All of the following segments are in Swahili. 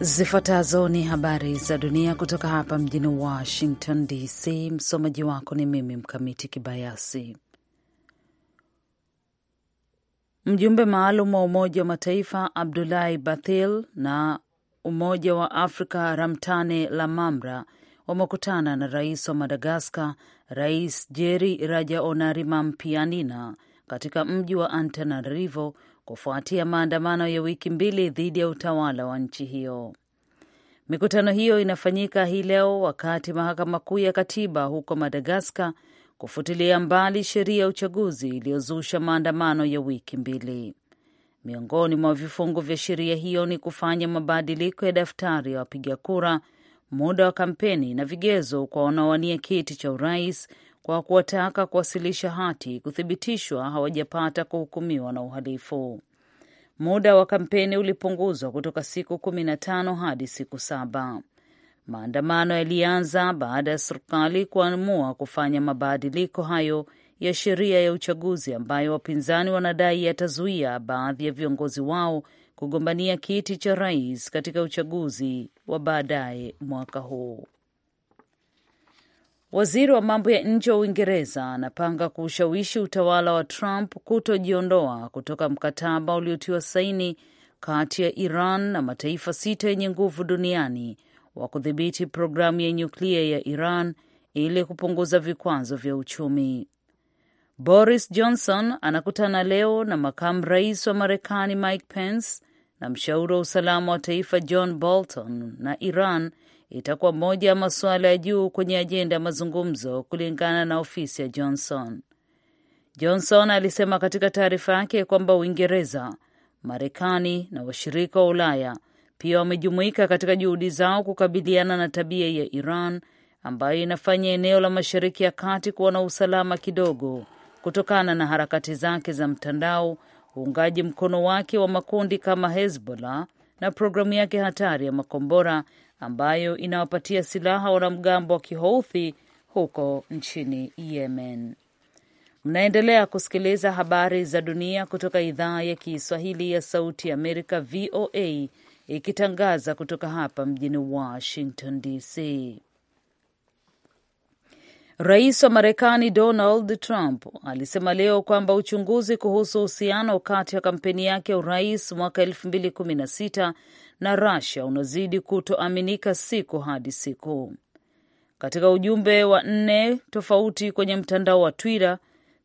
Zifuatazo ni habari za dunia kutoka hapa mjini Washington DC. Msomaji wako ni mimi Mkamiti Kibayasi. Mjumbe maalum wa Umoja wa Mataifa Abdulahi Bathil na Umoja wa Afrika Ramtane Lamamra wamekutana na rais wa Madagaskar, Rais Jeri raja onarimampianina katika mji wa Antananarivo kufuatia maandamano ya wiki mbili dhidi ya utawala wa nchi hiyo. Mikutano hiyo inafanyika hii leo wakati mahakama kuu ya katiba huko Madagaskar kufutilia mbali sheria ya uchaguzi iliyozusha maandamano ya wiki mbili. Miongoni mwa vifungu vya sheria hiyo ni kufanya mabadiliko ya daftari ya wapiga kura, muda wa kampeni na vigezo kwa wanaowania kiti cha urais kwa kuwataka kuwasilisha hati kuthibitishwa hawajapata kuhukumiwa na uhalifu. Muda wa kampeni ulipunguzwa kutoka siku kumi na tano hadi siku saba. Maandamano yalianza baada ya serikali kuamua kufanya mabadiliko hayo ya sheria ya uchaguzi ambayo wapinzani wanadai yatazuia baadhi ya viongozi wao kugombania kiti cha rais katika uchaguzi wa baadaye mwaka huu. Waziri wa mambo ya nje wa Uingereza anapanga kuushawishi utawala wa Trump kutojiondoa kutoka mkataba uliotiwa saini kati ya Iran na mataifa sita yenye nguvu duniani wa kudhibiti programu ya nyuklia ya Iran ili kupunguza vikwazo vya uchumi. Boris Johnson anakutana leo na makamu rais wa Marekani Mike Pence na mshauri wa usalama wa taifa John Bolton na Iran itakuwa moja ya masuala ya juu kwenye ajenda ya mazungumzo, kulingana na ofisi ya Johnson. Johnson alisema katika taarifa yake kwamba Uingereza, Marekani na washirika wa Ulaya pia wamejumuika katika juhudi zao kukabiliana na tabia ya Iran ambayo inafanya eneo la Mashariki ya Kati kuwa na usalama kidogo kutokana na harakati zake za mtandao, uungaji mkono wake wa makundi kama Hezbollah na programu yake hatari ya makombora ambayo inawapatia silaha wanamgambo wa kihouthi huko nchini Yemen. Mnaendelea kusikiliza habari za dunia kutoka idhaa ya Kiswahili ya Sauti ya Amerika, VOA, ikitangaza kutoka hapa mjini Washington DC. Rais wa Marekani Donald Trump alisema leo kwamba uchunguzi kuhusu uhusiano kati ya kampeni yake ya urais mwaka 2016 na Russia unazidi kutoaminika siku hadi siku. Katika ujumbe wa nne tofauti kwenye mtandao wa Twitter,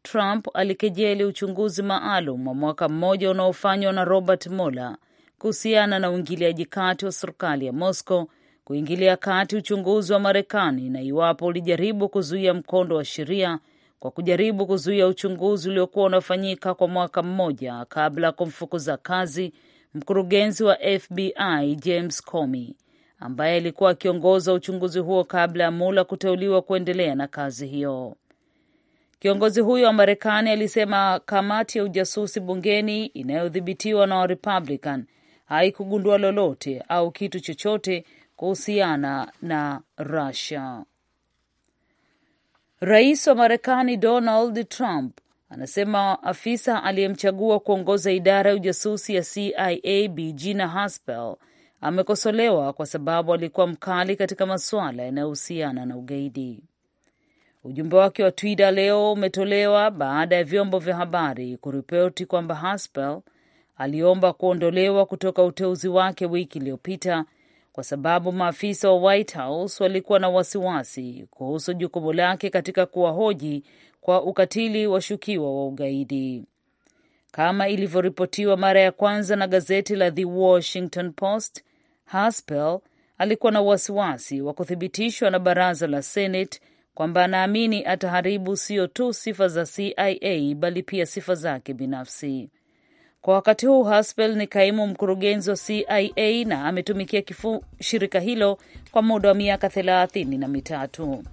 Trump alikejeli uchunguzi maalum wa mwaka mmoja unaofanywa na Robert Mueller kuhusiana na uingiliaji kati wa serikali ya Moscow kuingilia kati uchunguzi wa Marekani na iwapo ulijaribu kuzuia mkondo wa sheria kwa kujaribu kuzuia uchunguzi uliokuwa unafanyika kwa mwaka mmoja kabla ya kumfukuza kazi mkurugenzi wa FBI James Comey ambaye alikuwa akiongoza uchunguzi huo kabla ya mula kuteuliwa kuendelea na kazi hiyo. Kiongozi huyo wa Marekani alisema kamati ya ujasusi bungeni inayodhibitiwa na Warepublican haikugundua lolote au kitu chochote kuhusiana na Russia. Rais wa Marekani Donald Trump anasema afisa aliyemchagua kuongoza idara ya ujasusi ya CIA Bi Gina Haspel amekosolewa kwa sababu alikuwa mkali katika masuala yanayohusiana na ugaidi. Ujumbe wake wa Twitter leo umetolewa baada ya vyombo vya habari kuripoti kwamba Haspel aliomba kuondolewa kutoka uteuzi wake wiki iliyopita kwa sababu maafisa wa White House walikuwa na wasiwasi kuhusu jukumu lake katika kuwahoji kwa ukatili washukiwa wa ugaidi. Kama ilivyoripotiwa mara ya kwanza na gazeti la The Washington Post, Haspel alikuwa na wasiwasi wa kuthibitishwa na baraza la Senate kwamba anaamini ataharibu sio tu sifa za CIA bali pia sifa zake binafsi. Kwa wakati huu Haspel ni kaimu mkurugenzi wa CIA na ametumikia kifu shirika hilo kwa muda wa miaka thelathini na mitatu.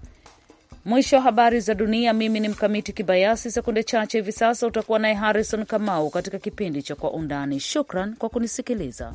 Mwisho wa habari za dunia. Mimi ni Mkamiti Kibayasi. Sekunde chache hivi sasa utakuwa naye Harrison Kamau katika kipindi cha Kwa Undani. Shukran kwa kunisikiliza.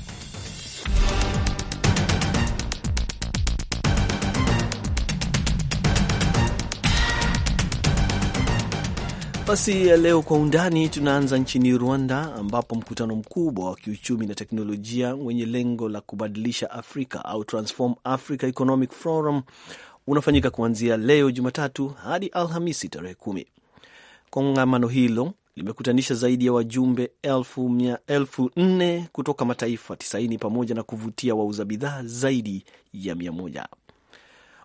Basi leo kwa undani tunaanza nchini Rwanda, ambapo mkutano mkubwa wa kiuchumi na teknolojia wenye lengo la kubadilisha Afrika au Transform Africa Economic Forum unafanyika kuanzia leo Jumatatu hadi Alhamisi tarehe kumi. Kongamano hilo limekutanisha zaidi ya wajumbe elfu nne kutoka mataifa tisaini pamoja na kuvutia wauza bidhaa zaidi ya mia moja.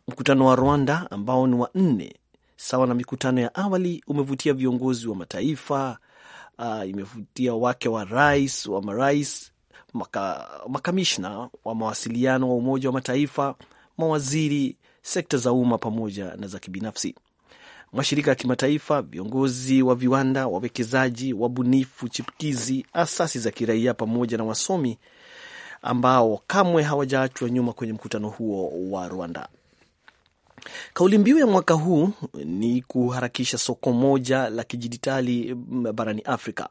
Mkutano wa Rwanda ambao ni wa nne sawa na mikutano ya awali, umevutia viongozi wa mataifa uh, imevutia wake wa rais wa marais, maka, makamishna wa mawasiliano wa Umoja wa Mataifa, mawaziri, sekta za umma pamoja na za kibinafsi, mashirika ya kimataifa, viongozi wa viwanda, wawekezaji, wabunifu chipukizi, asasi za kiraia pamoja na wasomi ambao kamwe hawajaachwa nyuma kwenye mkutano huo wa Rwanda. Kauli mbiu ya mwaka huu ni kuharakisha soko moja la kidijitali barani Afrika.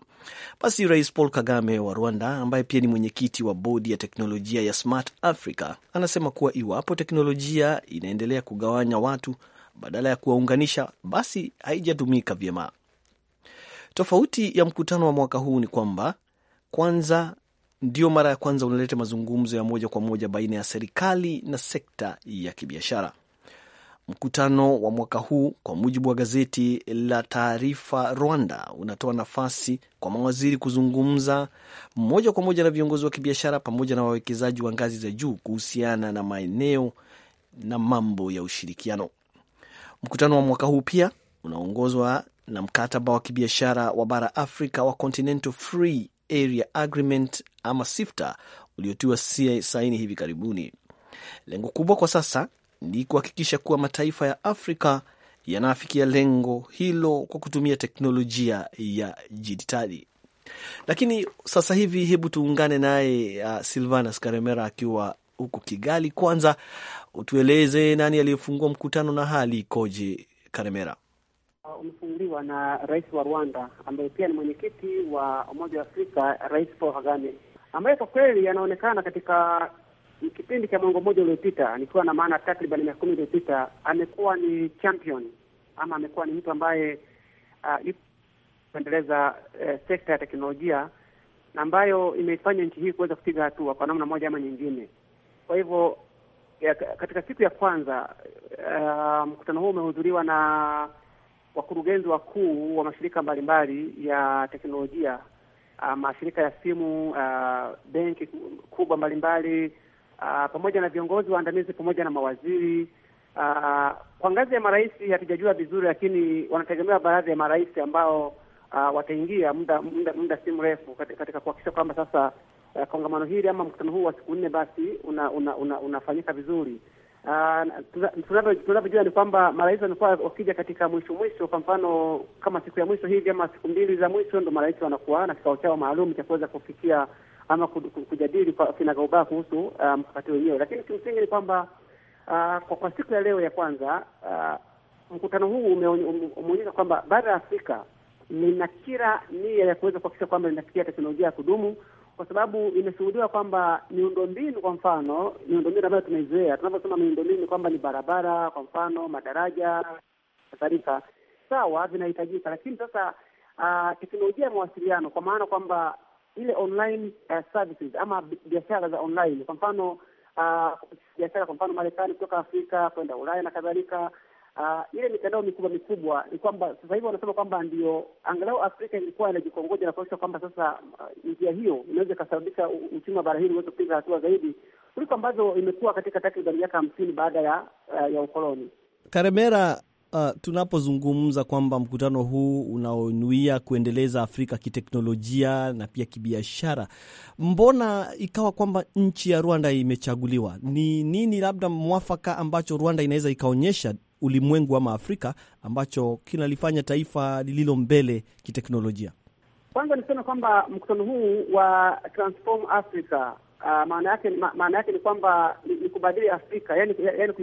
Basi Rais Paul Kagame wa Rwanda, ambaye pia ni mwenyekiti wa bodi ya teknolojia ya Smart Africa, anasema kuwa iwapo teknolojia inaendelea kugawanya watu badala ya kuwaunganisha, basi haijatumika vyema. Tofauti ya mkutano wa mwaka huu ni kwamba kwanza ndio mara ya kwanza unaleta mazungumzo ya moja kwa moja baina ya serikali na sekta ya kibiashara mkutano wa mwaka huu, kwa mujibu wa gazeti la Taarifa Rwanda, unatoa nafasi kwa mawaziri kuzungumza moja kwa moja na viongozi wa kibiashara pamoja na wawekezaji wa ngazi za juu kuhusiana na maeneo na mambo ya ushirikiano. Mkutano wa mwaka huu pia unaongozwa na mkataba wa kibiashara wa bara Afrika wa Continental Free Area Agreement ama SIFTA uliotiwa saini hivi karibuni. Lengo kubwa kwa sasa ni kuhakikisha kuwa mataifa ya Afrika yanafikia lengo hilo kwa kutumia teknolojia ya dijitali. Lakini sasa hivi, hebu tuungane naye uh, Silvanas Karemera akiwa huko Kigali. Kwanza utueleze nani aliyefungua mkutano na hali ikoje, Karemera? Uh, umefunguliwa na rais wa Rwanda ambaye pia ni mwenyekiti wa Umoja wa Afrika, Rais Paul Kagame ambaye kwa kweli anaonekana katika kipindi cha mwongo mmoja uliopita, nikiwa na maana takriban miaka kumi iliyopita, amekuwa ni champion ama amekuwa ni mtu ambaye uh, kuendeleza eh, sekta ya teknolojia na ambayo imeifanya nchi hii kuweza kupiga hatua kwa namna moja ama nyingine. Kwa hivyo ya, katika siku ya kwanza uh, mkutano huu umehudhuriwa na wakurugenzi wakuu wa mashirika mbalimbali ya teknolojia uh, mashirika ya simu uh, benki kubwa mbalimbali Ah, pamoja na viongozi waandamizi pamoja na mawaziri uh, kwa ngazi ya marais hatujajua vizuri, lakini wanategemewa baadhi ya marais ambao uh, wataingia muda muda, muda si mrefu katika kuhakikisha kwamba sasa uh, kongamano hili ama mkutano huu wa siku nne basi unafanyika una, una, una vizuri. Uh, tunavyojua ni kwamba marais wamekuwa wakija katika mwisho mwisho, kwa mfano kama siku ya mwisho hivi ama siku mbili za mwisho, ndo marais wanakuwa na kikao chao maalum cha kuweza kufikia ama kujadili kwa kinagaubaga kuhusu uh, mkakati um, wenyewe, lakini kimsingi ni kwamba uh, kwa, kwa siku ya leo ya kwanza uh, mkutano huu umeonyesha kwamba bara ya Afrika lina kila nia ya kuweza kuhakikisha kwamba linafikia teknolojia ya kudumu kwa sababu imeshuhudiwa kwamba miundombinu, kwa mfano miundombinu ambayo tunaizoea, tunaposema miundombinu ni kwamba ni barabara, kwa mfano madaraja, kadhalika, sawa, vinahitajika. Lakini sasa uh, teknolojia ya mawasiliano, kwa maana kwamba ile online uh, services ama biashara za online, kwa mfano uh, biashara uh, kwa mfano Marekani kutoka Afrika kwenda Ulaya na kadhalika. Uh, ile mitandao mikubwa mikubwa ni kwamba sasa hivi wanasema kwamba ndio angalau Afrika ilikuwa inajikongoja na kuonyesha kwamba sasa uh, njia hiyo inaweza ikasababisha uchumi wa bara hili uweze kupiga hatua zaidi kuliko ambazo imekuwa katika takriban miaka hamsini baada ya uh, ya ukoloni. Karemera, uh, tunapozungumza kwamba mkutano huu unaonuia kuendeleza Afrika kiteknolojia na pia kibiashara, mbona ikawa kwamba nchi ya Rwanda imechaguliwa? Ni nini labda mwafaka ambacho Rwanda inaweza ikaonyesha ulimwengu ama Afrika ambacho kinalifanya taifa lililo mbele kiteknolojia? Kwanza niseme kwamba mkutano huu wa Transform Africa Uh, maana yake maana yake ni kwamba ni, ni kubadili Afrika, yani, yani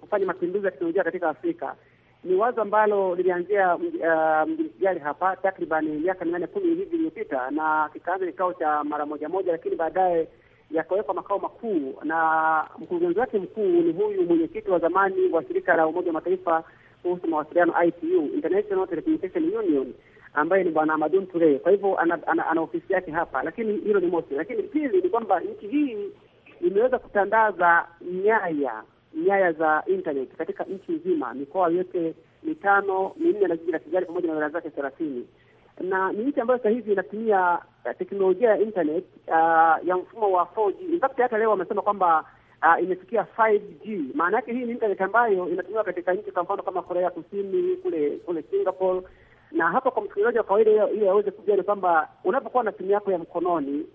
kufanya mapinduzi ya teknolojia katika Afrika ni wazo ambalo lilianzia mjini uh, Kigali hapa takriban miaka minane kumi hivi iliyopita, na kikaanza kikao cha mara moja moja, lakini baadaye yakawekwa makao makuu, na mkurugenzi wake mkuu ni huyu mwenyekiti wa zamani wa shirika la Umoja wa Mataifa kuhusu mawasiliano ITU, International Telecommunication Union, ambaye ni bwana Amadun Ture. Kwa hivyo ana, ana, ana, ofisi yake hapa, lakini hilo ni mosi. Lakini pili ni kwamba nchi hii imeweza kutandaza nyaya nyaya za internet katika nchi nzima, mikoa yote mitano minne na jiji la Kigali pamoja na wilaya zake thelathini na ni nchi ambayo sasa hivi inatumia eh, teknolojia ya internet uh, ya mfumo wa 4G. In fact hata leo wamesema kwamba uh, imefikia 5G. Maana yake hii ni internet ambayo inatumiwa katika nchi kwa mfano kama Korea Kusini, kule kule Singapore. Na hapa kwa msikilizaji wa kawaida, hiyo aweze kujua ni kwamba unapokuwa na simu yako ya mkononi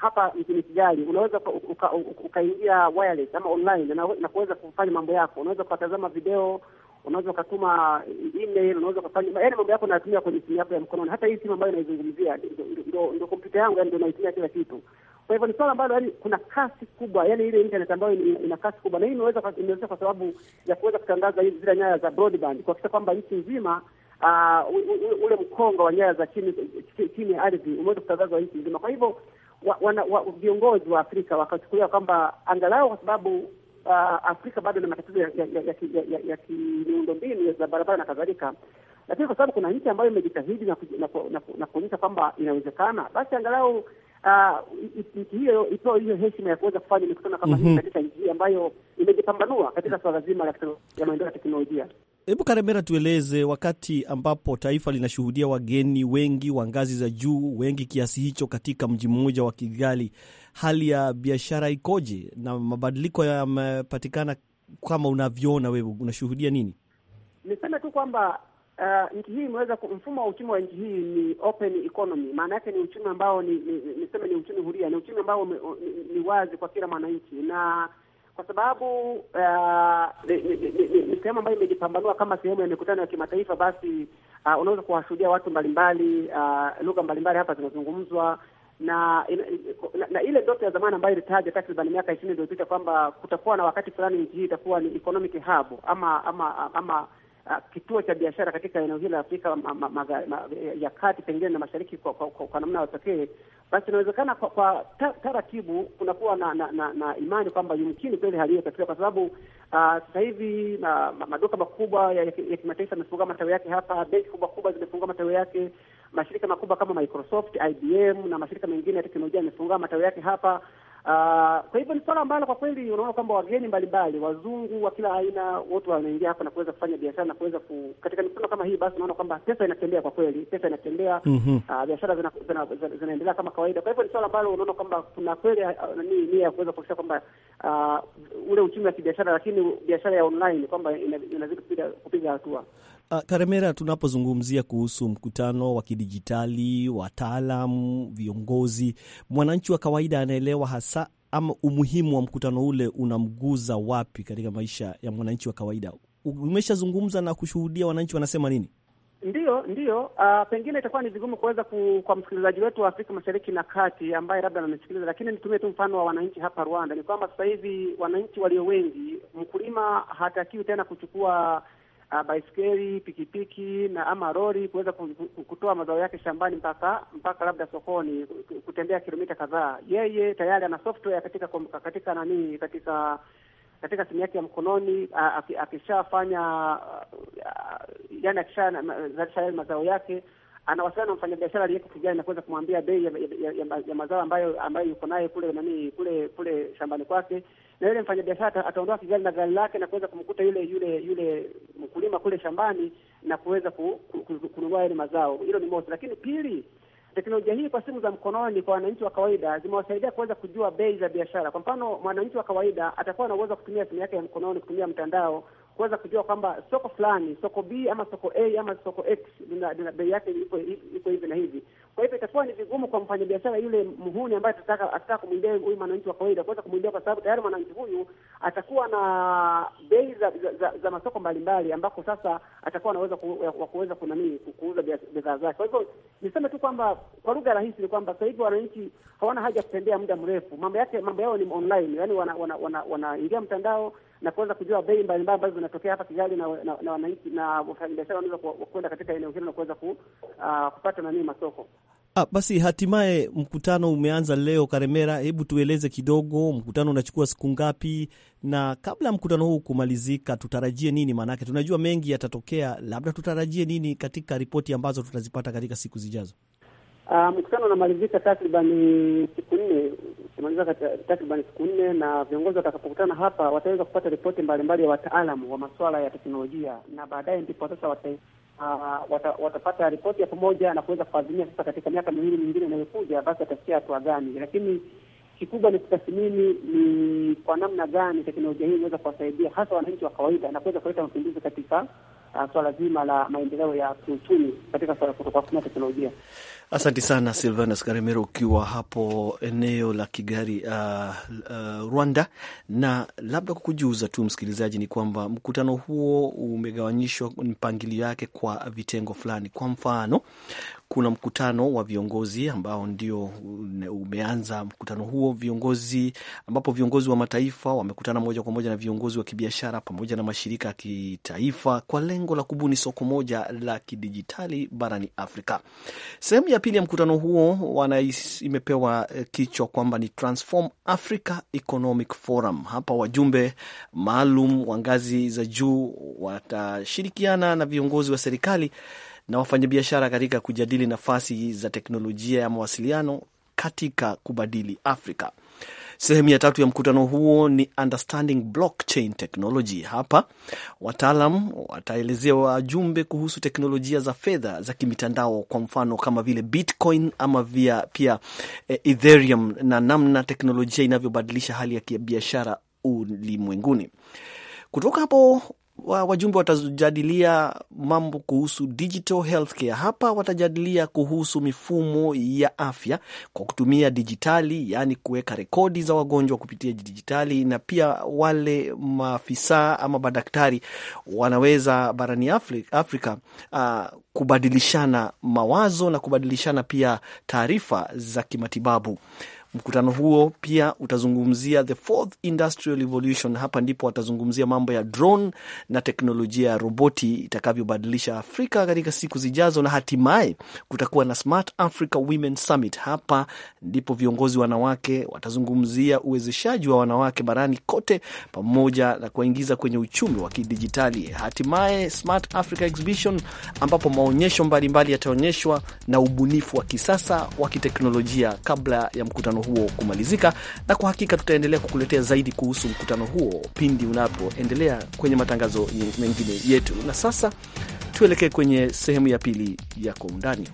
hapa mjini Kigali unaweza ukaingia uka, uka wireless ama online na kuweza kufanya mambo yako. Unaweza ukatazama video, unaweza ukatuma email, unaweza kufanya yaani mambo yako unayatumia kwenye simu yako ya mkononi. Hata hii simu ambayo inaizungumzia ndio kompyuta yangu, yaani ndio naitumia kila kitu. Kwa hivyo ni swala ambalo yaani kuna kasi kubwa, yaani ile internet ambayo ina kasi kubwa, na hii imeweza imeweza kwa sababu ya kuweza kutangaza hizi zile nyaya za broadband kuhakikisha kwamba nchi nzima Uh, ule mkongo wa nyaya za chini chini ya ardhi umeweza kutangazwa nchi nzima. Kwa hivyo viongozi wa, wa, wa Afrika wakachukulia kwamba angalau kwa sababu uh, Afrika bado na matatizo ya, ya, ya, ya, ya, ya, ya za barabara na kadhalika, lakini kwa sababu kuna nchi ambayo imejitahidi na, na, na, na kuonyesha kwamba inawezekana, basi angalau nchi uh, hiyo itoe hiyo heshima ya kuweza kufanya mikutano kama mm -hmm. hii mhm. katika nchi ambayo imejipambanua katika swala zima la maendeleo ya teknolojia. Hebu Karemera, tueleze wakati ambapo taifa linashuhudia wageni wengi wa ngazi za juu wengi kiasi hicho katika mji mmoja wa Kigali, hali ya biashara ikoje na mabadiliko yamepatikana kama unavyoona wewe, unashuhudia nini? Niseme tu kwamba uh, nchi hii imeweza, mfumo wa uchumi wa nchi hii ni open economy. Maana yake ni uchumi ambao ni, ni, niseme ni uchumi huria, ni uchumi ambao ni, ni wazi kwa kila mwananchi na kwa sababu uh, ni sehemu ambayo imejipambanua kama sehemu ya mikutano ya kimataifa, basi uh, unaweza kuwashuhudia watu mbalimbali uh, lugha mbalimbali hapa zinazungumzwa na, na, na ile ndoto ya zamani ambayo ilitaja takriban miaka ishirini iliyopita kwamba kutakuwa na wakati fulani nchi hii itakuwa ni economic hub ama ama ama Ah, kituo cha biashara katika eneo hili la Afrika ma, ma, ma, ma, ya kati pengine na mashariki kwa, kwa, kwa, kwa namna ya pekee, basi inawezekana kwa, kwa taratibu kunakuwa na, na, na, na imani kwamba yumkini kweli hali hiyo itatokea, kwa sababu uh, sasa hivi uh, maduka makubwa ya, ya, ya kimataifa yamefungua matawi yake hapa, benki kubwa kubwa zimefungua matawi yake, mashirika makubwa kama Microsoft, IBM na mashirika mengine ya teknolojia yamefungua matawi yake hapa Uh, kwa hivyo ni swala ambalo kwa kweli unaona kwamba wageni mbalimbali wazungu wa kila aina wote wanaingia hapa na kuweza kufanya biashara na kuweza ku, katika mikutano kama hii, basi unaona kwamba pesa inatembea, kwa kweli pesa inatembea. mm -hmm. Uh, biashara zinaendelea zina, zina, zina kama kawaida. Kwa hivyo ni swala ambalo unaona kwamba kuna kweli nini ah, nia ya kuweza kuhakikisha kwamba uh, ule uchumi wa kibiashara, lakini biashara ya online kwamba inazidi kupiga hatua. Uh, Karemera, tunapozungumzia kuhusu mkutano wa kidijitali, wataalam, viongozi, mwananchi wa kawaida anaelewa hasa ama umuhimu wa mkutano ule unamguza wapi katika maisha ya mwananchi wa kawaida? Umeshazungumza na kushuhudia wananchi wanasema nini? Ndiyo, ndiyo. Uh, ah, pengine itakuwa ni vigumu kuweza ku, kwa msikilizaji wetu wa Afrika Mashariki na Kati ambaye labda ananisikiliza, lakini nitumie tu mfano wa wananchi hapa Rwanda. Ni kwamba sasa hivi wananchi walio wengi, mkulima hatakiwi tena kuchukua uh, ah, baiskeli, pikipiki na ama lori kuweza kutoa mazao yake shambani mpaka mpaka labda sokoni, kutembea kilomita kadhaa. Yeye tayari ana software katika katika nani katika katika simu yake ya mkononi akishafanya yani, akishazalisha mazao yake anawasiliana na mfanyabiashara aliyeko kijani na kuweza kumwambia bei ya, ya, ya, ya mazao ambayo ambayo yuko naye kule nani kule kule shambani kwake na yule mfanyabiashara ataondoa Kigali na gari lake na kuweza kumkuta yule yule yule mkulima kule shambani na kuweza kununua yale mazao. Hilo ni mosi, lakini pili, teknolojia hii kwa simu za mkononi kwa wananchi wa kawaida zimewasaidia kuweza kujua bei za biashara. Kwa mfano, mwananchi wa kawaida atakuwa na uwezo wa kutumia simu yake ya mkononi, kutumia mtandao kuweza kujua kwamba soko fulani, soko B ama soko A ama soko X lina bei yake iko hivi na hivi. Kwa hivyo itakuwa ni vigumu kwa mfanyabiashara yule mhuni ambaye atataka kumwindia huyu mwananchi wa kawaida kuweza kumwindia, kwa sababu tayari mwananchi huyu atakuwa na bei za, za, za, za masoko mbalimbali ambako sasa atakuwa anaweza wa kuweza kunanii kuuza bidhaa zake. Kwa hivyo niseme tu kwamba kwa lugha rahisi ni kwamba sasa hivi wananchi hawana haja ya kutembea muda mrefu, mambo yake mambo yao ni online, yani wanaingia wana, wana, wana, wana mtandao na kuweza kujua bei mbalimbali ambazo zinatokea hapa Kigali na wananchi na wafanyabiashara wanaweza kwenda katika eneo hilo na kuweza ah, kupata nanii masoko. Ah, basi hatimaye mkutano umeanza leo Karemera, hebu tueleze kidogo, mkutano unachukua siku ngapi? Na kabla ya mkutano huu kumalizika, tutarajie nini? Maanake tunajua mengi yatatokea, labda tutarajie nini katika ripoti ambazo tutazipata katika siku zijazo? Uh, mkutano unamalizika takriban siku nne umalizika takriban siku nne, na viongozi watakapokutana hapa wataweza kupata ripoti mbalimbali ya wataalamu wa masuala ya teknolojia, na baadaye ndipo sasa wata, uh, wata, watapata ripoti ya pamoja na kuweza kuazimia sasa katika miaka miwili mingine inayokuja, basi watafikia hatua gani, lakini kikubwa ni kutathmini ni kwa namna gani teknolojia hii inaweza kuwasaidia hasa wananchi wa kawaida na kuweza kuleta mapinduzi katika uh, swala zima la maendeleo ya kiuchumi katika kwa kutumia teknolojia. Asante sana Silvanus Karemera ukiwa hapo eneo la Kigali, uh, uh, Rwanda. Na labda kukujuza tu msikilizaji ni kwamba mkutano huo umegawanyishwa mpangilio yake kwa vitengo fulani. Kwa mfano kuna mkutano wa viongozi ambao ndio umeanza mkutano huo viongozi, ambapo viongozi wa mataifa wamekutana moja kwa moja na viongozi wa kibiashara pamoja na mashirika ya kitaifa kwa lengo la kubuni soko moja la kidijitali barani Afrika. Sehemu ya pili ya mkutano huo wana imepewa eh, kichwa kwamba ni Transform Africa Economic Forum. Hapa wajumbe maalum wa ngazi za juu watashirikiana na viongozi wa serikali na wafanyabiashara katika kujadili nafasi za teknolojia ya mawasiliano katika kubadili Afrika. Sehemu ya tatu ya mkutano huo ni Understanding Blockchain Technology. Hapa wataalam wataelezea wajumbe kuhusu teknolojia za fedha za kimitandao, kwa mfano kama vile Bitcoin ama via, pia eh, Ethereum na namna teknolojia inavyobadilisha hali ya kibiashara ulimwenguni. Kutoka hapo wajumbe watajadilia mambo kuhusu digital healthcare. Hapa watajadilia kuhusu mifumo ya afya kwa kutumia dijitali, yaani kuweka rekodi za wagonjwa kupitia dijitali, na pia wale maafisa ama madaktari wanaweza barani Afrika uh, kubadilishana mawazo na kubadilishana pia taarifa za kimatibabu. Mkutano huo pia utazungumzia the fourth industrial revolution. Hapa ndipo watazungumzia mambo ya drone na teknolojia ya roboti itakavyobadilisha Afrika katika siku zijazo, na hatimaye kutakuwa na Smart Africa Women Summit. Hapa ndipo viongozi wanawake watazungumzia uwezeshaji wa wanawake barani kote pamoja na kuwaingiza kwenye uchumi wa kidijitali. Hatimaye Smart Africa Exhibition, ambapo maonyesho mbalimbali yataonyeshwa na ubunifu wa kisasa wa kiteknolojia kabla ya mkutano mkutano huo kumalizika, na kwa hakika tutaendelea kukuletea zaidi kuhusu mkutano huo pindi unapoendelea kwenye matangazo mengine yetu. Na sasa tuelekee kwenye sehemu ya pili ya Kwa Undani.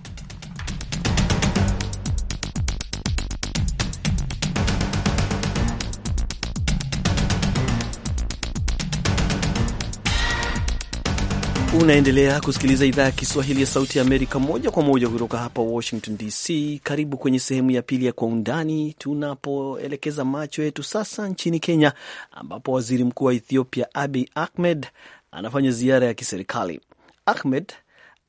Unaendelea kusikiliza idhaa ya Kiswahili ya Sauti ya Amerika moja kwa moja kutoka hapa Washington DC. Karibu kwenye sehemu ya pili ya Kwa Undani, tunapoelekeza macho yetu sasa nchini Kenya, ambapo waziri mkuu wa Ethiopia Abiy Ahmed anafanya ziara ya kiserikali. Ahmed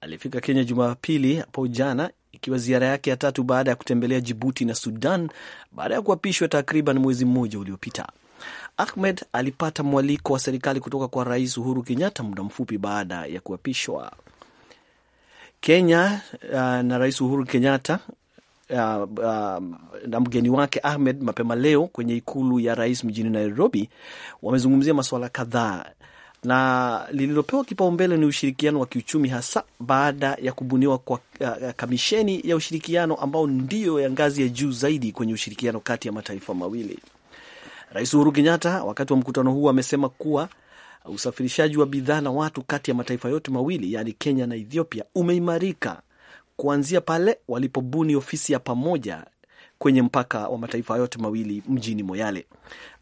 alifika Kenya Jumapili hapo jana, ikiwa ziara yake ya tatu baada ya kutembelea Jibuti na Sudan baada ya kuapishwa takriban mwezi mmoja uliopita. Ahmed alipata mwaliko wa serikali kutoka kwa Rais Uhuru Kenyatta muda mfupi baada ya kuapishwa. Kenya uh, na Rais Uhuru Kenyatta uh, uh, na mgeni wake Ahmed mapema leo kwenye ikulu ya rais mjini Nairobi wamezungumzia masuala kadhaa na lililopewa kipaumbele ni ushirikiano wa kiuchumi hasa baada ya kubuniwa kwa uh, kamisheni ya ushirikiano ambao ndiyo ya ngazi ya juu zaidi kwenye ushirikiano kati ya mataifa mawili. Rais Uhuru Kenyatta wakati wa mkutano huu amesema kuwa usafirishaji wa bidhaa na watu kati ya mataifa yote mawili yaani Kenya na Ethiopia umeimarika kuanzia pale walipobuni ofisi ya pamoja kwenye mpaka wa mataifa yote mawili mjini Moyale.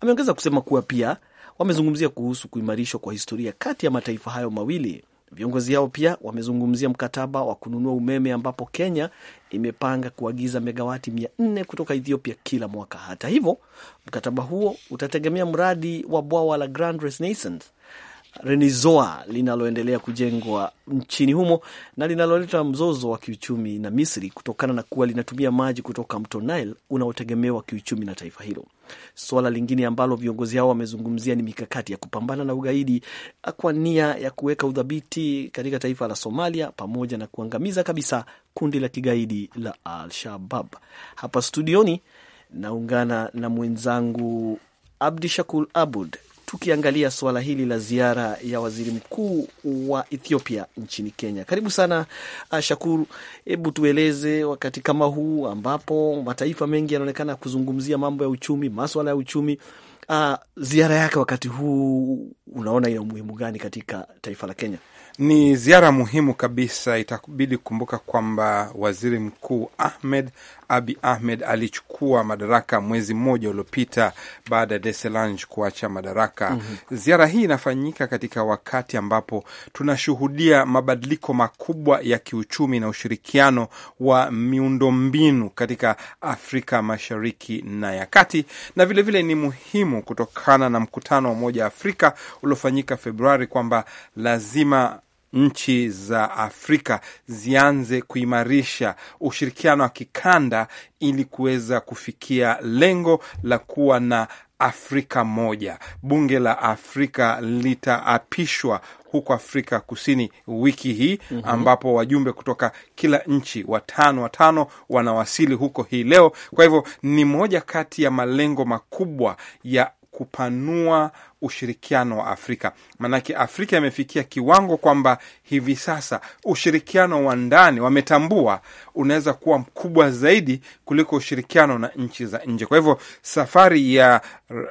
Ameongeza kusema kuwa pia wamezungumzia kuhusu kuimarishwa kwa historia kati ya mataifa hayo mawili Viongozi hao pia wamezungumzia mkataba wa kununua umeme ambapo Kenya imepanga kuagiza megawati mia nne kutoka Ethiopia kila mwaka. Hata hivyo, mkataba huo utategemea mradi wa bwawa la Grand Renaissance Renizoa linaloendelea kujengwa nchini humo na linaloleta mzozo wa kiuchumi na Misri kutokana na kuwa linatumia maji kutoka mto Nile unaotegemewa kiuchumi na taifa hilo. Suala lingine ambalo viongozi hao wamezungumzia ni mikakati ya kupambana na ugaidi kwa nia ya kuweka udhabiti katika taifa la Somalia pamoja na kuangamiza kabisa kundi la kigaidi la Al-Shabab. Hapa studioni naungana na mwenzangu Abdi Shakur Abud tukiangalia suala hili la ziara ya waziri mkuu wa Ethiopia nchini Kenya. Karibu sana uh, Shakuru, hebu tueleze wakati kama huu ambapo mataifa mengi yanaonekana kuzungumzia mambo ya uchumi, maswala ya uchumi, uh, ziara yake wakati huu unaona ina umuhimu gani katika taifa la Kenya? Ni ziara muhimu kabisa. Itabidi kukumbuka kwamba waziri mkuu Ahmed Abi Ahmed alichukua madaraka mwezi mmoja uliopita baada ya Desalegn kuacha madaraka. mm -hmm. Ziara hii inafanyika katika wakati ambapo tunashuhudia mabadiliko makubwa ya kiuchumi na ushirikiano wa miundombinu katika Afrika Mashariki na ya Kati, na vilevile vile ni muhimu kutokana na mkutano wa Umoja wa Afrika uliofanyika Februari kwamba lazima nchi za Afrika zianze kuimarisha ushirikiano wa kikanda ili kuweza kufikia lengo la kuwa na Afrika moja. Bunge la Afrika litaapishwa huko Afrika Kusini wiki hii mm -hmm. ambapo wajumbe kutoka kila nchi watano watano wanawasili huko hii leo. Kwa hivyo ni moja kati ya malengo makubwa ya kupanua ushirikiano wa Afrika. Maanake Afrika imefikia kiwango kwamba hivi sasa ushirikiano wa ndani wametambua unaweza kuwa mkubwa zaidi kuliko ushirikiano na nchi za nje. Kwa hivyo safari ya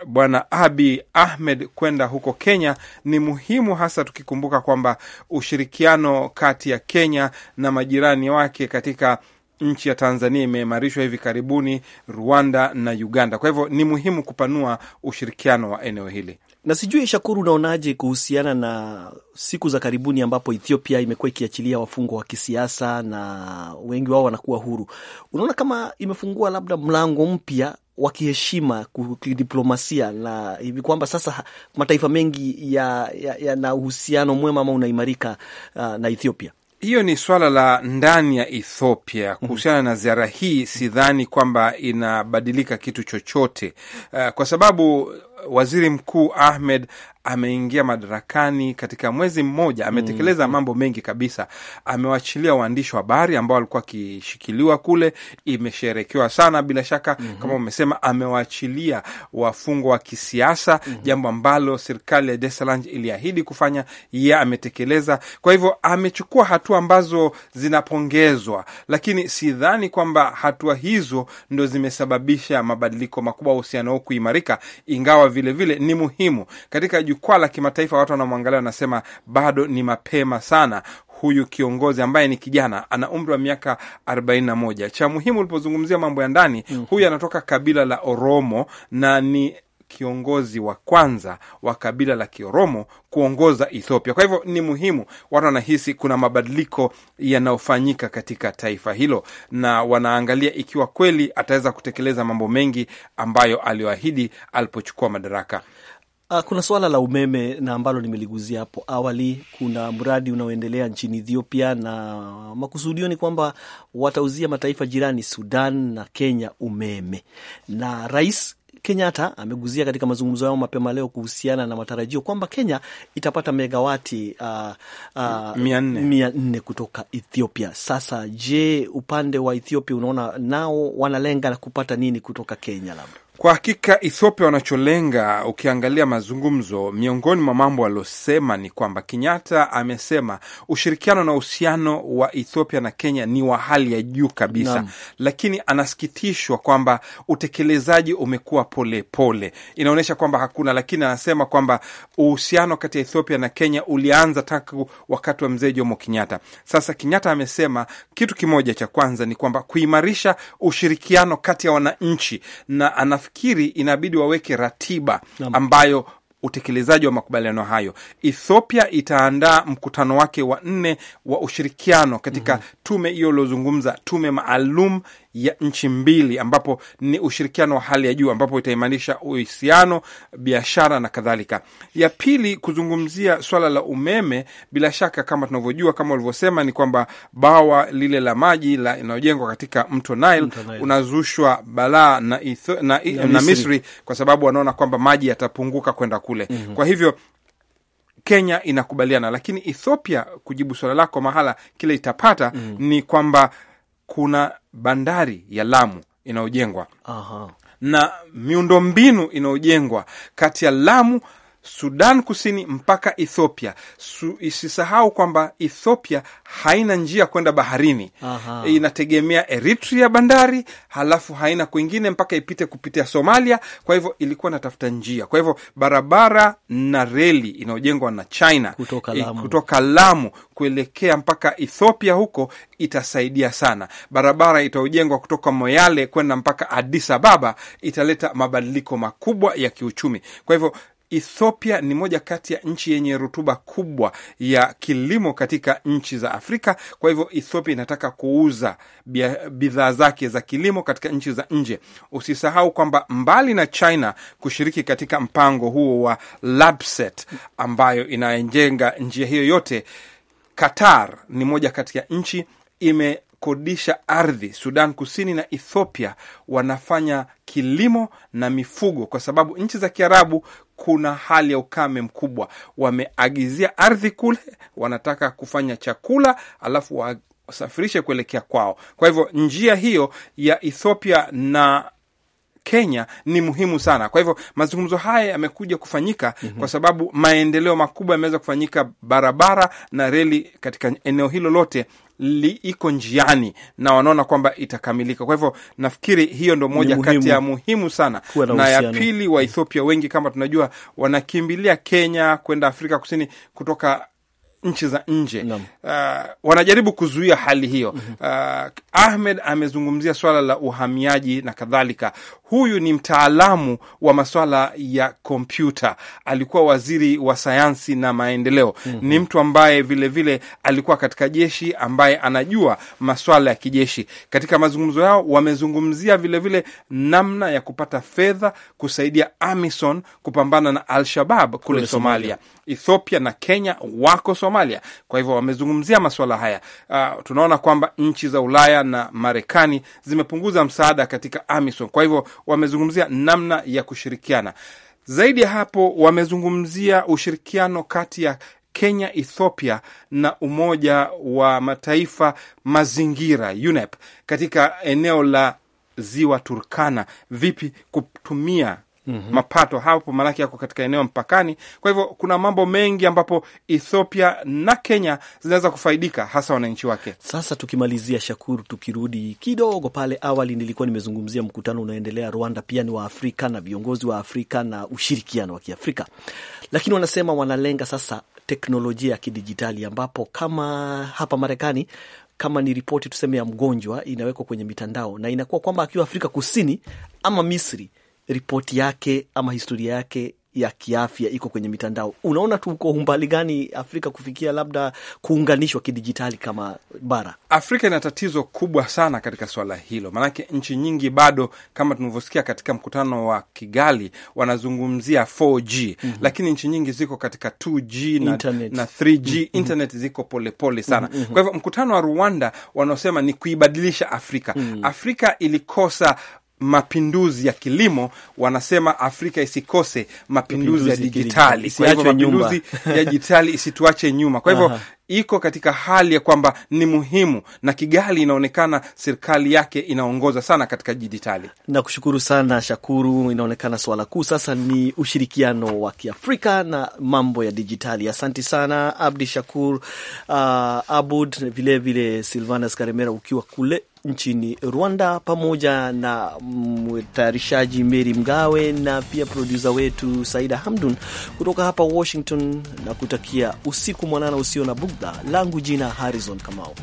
Bwana Abi Ahmed kwenda huko Kenya ni muhimu, hasa tukikumbuka kwamba ushirikiano kati ya Kenya na majirani wake katika nchi ya Tanzania imeimarishwa hivi karibuni Rwanda na Uganda. Kwa hivyo ni muhimu kupanua ushirikiano wa eneo hili. Na sijui Shakuru, unaonaje kuhusiana na siku za karibuni ambapo Ethiopia imekuwa ikiachilia wafungwa wa kisiasa na wengi wao wanakuwa huru? Unaona kama imefungua labda mlango mpya wa kiheshima kidiplomasia, na hivi kwamba sasa mataifa mengi yana ya, ya uhusiano mwema ama unaimarika uh, na Ethiopia? Hiyo ni swala la ndani ya Ethiopia. Mm. Kuhusiana na ziara hii, sidhani kwamba inabadilika kitu chochote, uh, kwa sababu waziri mkuu Ahmed ameingia madarakani katika mwezi mmoja, ametekeleza mm-hmm. mambo mengi kabisa. Amewachilia waandishi wa habari ambao walikuwa akishikiliwa kule, imesherekewa sana bila shaka mm -hmm. Kama umesema, amewachilia wafungwa wa kisiasa mm -hmm. jambo ambalo serikali ya Desalegn iliahidi kufanya, yeye ametekeleza. Kwa hivyo amechukua hatua ambazo zinapongezwa, lakini sidhani kwamba hatua hizo ndo zimesababisha mabadiliko makubwa, uhusiano huu kuimarika, ingawa vilevile vile, ni muhimu katika jukwaa la kimataifa. Watu wanamwangalia wanasema, bado ni mapema sana huyu kiongozi ambaye ni kijana ana umri wa miaka 41. Cha muhimu ulipozungumzia mambo ya ndani mm -hmm. Huyu anatoka kabila la Oromo na ni kiongozi wa kwanza wa kabila la Kioromo kuongoza Ethiopia. Kwa hivyo ni muhimu, watu wanahisi kuna mabadiliko yanayofanyika katika taifa hilo, na wanaangalia ikiwa kweli ataweza kutekeleza mambo mengi ambayo aliyoahidi alipochukua madaraka. Ah, kuna suala la umeme na ambalo nimeliguzia hapo awali. Kuna mradi unaoendelea nchini Ethiopia na makusudio ni kwamba watauzia mataifa jirani Sudan na Kenya umeme, na rais Kenyatta ameguzia katika mazungumzo yao mapema leo kuhusiana na matarajio kwamba Kenya itapata megawati uh, uh, mia nne kutoka Ethiopia. Sasa je, upande wa Ethiopia unaona nao wanalenga na kupata nini kutoka Kenya labda? Kwa hakika Ethiopia wanacholenga, ukiangalia mazungumzo, miongoni mwa mambo waliosema ni kwamba Kenyatta amesema ushirikiano na uhusiano wa Ethiopia na Kenya ni wa hali ya juu kabisa Nam. Lakini anasikitishwa kwamba utekelezaji umekuwa polepole, inaonyesha kwamba hakuna, lakini anasema kwamba uhusiano kati ya Ethiopia na Kenya ulianza tangu wakati wa mzee Jomo Kenyatta. Sasa Kenyatta amesema kitu kimoja cha kwanza ni kwamba kuimarisha ushirikiano kati ya wananchi na ana nafikiri inabidi waweke ratiba ambayo utekelezaji wa makubaliano hayo. Ethiopia itaandaa mkutano wake wa nne wa ushirikiano katika mm -hmm. tume hiyo uliozungumza tume maalum ya nchi mbili, ambapo ni ushirikiano wa hali ya juu, ambapo itaimarisha uhusiano, biashara na kadhalika. Ya pili, kuzungumzia swala la umeme. Bila shaka, kama tunavyojua, kama ulivyosema, ni kwamba bawa lile la maji inayojengwa katika mto Nile, unazushwa balaa na, na, na, na, na Misri kwa sababu wanaona kwamba maji yatapunguka kwenda kule. mm -hmm. Kwa hivyo Kenya inakubaliana, lakini Ethiopia, kujibu swala lako mahala kile itapata mm -hmm. ni kwamba kuna bandari ya Lamu inayojengwa na miundombinu inayojengwa kati ya Lamu Sudan Kusini mpaka Ethiopia. Isisahau kwamba Ethiopia haina njia kwenda baharini. Aha. Inategemea Eritrea bandari, halafu haina kwingine mpaka ipite kupitia Somalia. Kwa hivyo ilikuwa natafuta njia, kwa hivyo barabara na reli inayojengwa na China kutoka Lamu, kutoka Lamu kuelekea mpaka Ethiopia huko itasaidia sana. Barabara itayojengwa kutoka Moyale kwenda mpaka Addis Ababa italeta mabadiliko makubwa ya kiuchumi. Kwa hivyo Ethiopia ni moja kati ya nchi yenye rutuba kubwa ya kilimo katika nchi za Afrika. Kwa hivyo, Ethiopia inataka kuuza bidhaa zake za kilimo katika nchi za nje. Usisahau kwamba mbali na China kushiriki katika mpango huo wa LABSET ambayo inajenga njia hiyo yote, Qatar ni moja kati ya nchi ime kukodisha ardhi Sudan Kusini na Ethiopia wanafanya kilimo na mifugo, kwa sababu nchi za Kiarabu kuna hali ya ukame mkubwa. Wameagizia ardhi kule, wanataka kufanya chakula alafu wasafirishe kuelekea kwao. Kwa hivyo njia hiyo ya Ethiopia na Kenya ni muhimu sana. Kwa hivyo mazungumzo haya yamekuja kufanyika mm -hmm. kwa sababu maendeleo makubwa yameweza kufanyika, barabara na reli katika eneo hilo lote iko njiani na wanaona kwamba itakamilika. Kwa hivyo nafikiri hiyo ndo moja kati ya muhimu sana, na ya pili, Waethiopia wengi kama tunajua wanakimbilia Kenya kwenda Afrika Kusini kutoka nchi za nje no. Uh, wanajaribu kuzuia hali hiyo. Mhm. Uh, Ahmed amezungumzia swala la uhamiaji na kadhalika. Huyu ni mtaalamu wa maswala ya kompyuta, alikuwa waziri wa sayansi na maendeleo. mm -hmm. Ni mtu ambaye vilevile vile alikuwa katika jeshi, ambaye anajua maswala ya kijeshi. Katika mazungumzo yao wamezungumzia vilevile namna ya kupata fedha kusaidia AMISON kupambana na Al-Shabab kule Somalia. Ethiopia na Kenya wako Somalia, kwa hivyo wamezungumzia maswala haya. Uh, tunaona kwamba nchi za Ulaya na Marekani zimepunguza msaada katika AMISON, kwa hivyo wamezungumzia namna ya kushirikiana. Zaidi ya hapo, wamezungumzia ushirikiano kati ya Kenya, Ethiopia na Umoja wa Mataifa mazingira UNEP katika eneo la ziwa Turkana, vipi kutumia -hmm. mapato hapo, maanake yako katika eneo mpakani. Kwa hivyo kuna mambo mengi ambapo Ethiopia na Kenya zinaweza kufaidika, hasa wananchi wake. Sasa tukimalizia, Shakuru, tukirudi kidogo pale awali, nilikuwa nimezungumzia mkutano unaendelea Rwanda, pia ni wa Afrika na viongozi wa Afrika na ushirikiano wa Kiafrika, lakini wanasema wanalenga sasa teknolojia ya kidijitali ambapo kama hapa Marekani kama ni ripoti tuseme ya mgonjwa inawekwa kwenye mitandao na inakuwa kwamba akiwa Afrika Kusini ama Misri ripoti yake ama historia yake ya kiafya iko kwenye mitandao. Unaona uko umbali gani Afrika kufikia labda kuunganishwa kidijitali kama bara? Afrika ina tatizo kubwa sana katika swala hilo, maanake nchi nyingi bado, kama tunavyosikia katika mkutano wa Kigali, wanazungumzia 4G mm -hmm. lakini nchi nyingi ziko katika 2G na, na 3G mm -hmm. internet ziko polepole pole mhm. sana mm -hmm. Kwa hivyo mkutano wa Rwanda wanaosema ni kuibadilisha Afrika mm -hmm. Afrika ilikosa mapinduzi ya kilimo, wanasema Afrika isikose mapinduzi, mapinduzi ya dijitali. Kwa hivyo mapinduzi ya dijitali isituache nyuma. Kwa hivyo iko katika hali ya kwamba ni muhimu, na Kigali inaonekana serikali yake inaongoza sana katika dijitali. Nakushukuru sana Shakuru. Inaonekana swala kuu sasa ni ushirikiano wa Kiafrika na mambo ya dijitali. asanti sana Abdi Shakur, uh, Abud vilevile Silvanas Karemera ukiwa kule nchini Rwanda, pamoja na mtayarishaji Meri Mgawe na pia produsa wetu Saida Hamdun kutoka hapa Washington, na kutakia usiku mwanana usio na bugdha. Langu jina Harrison Kamau.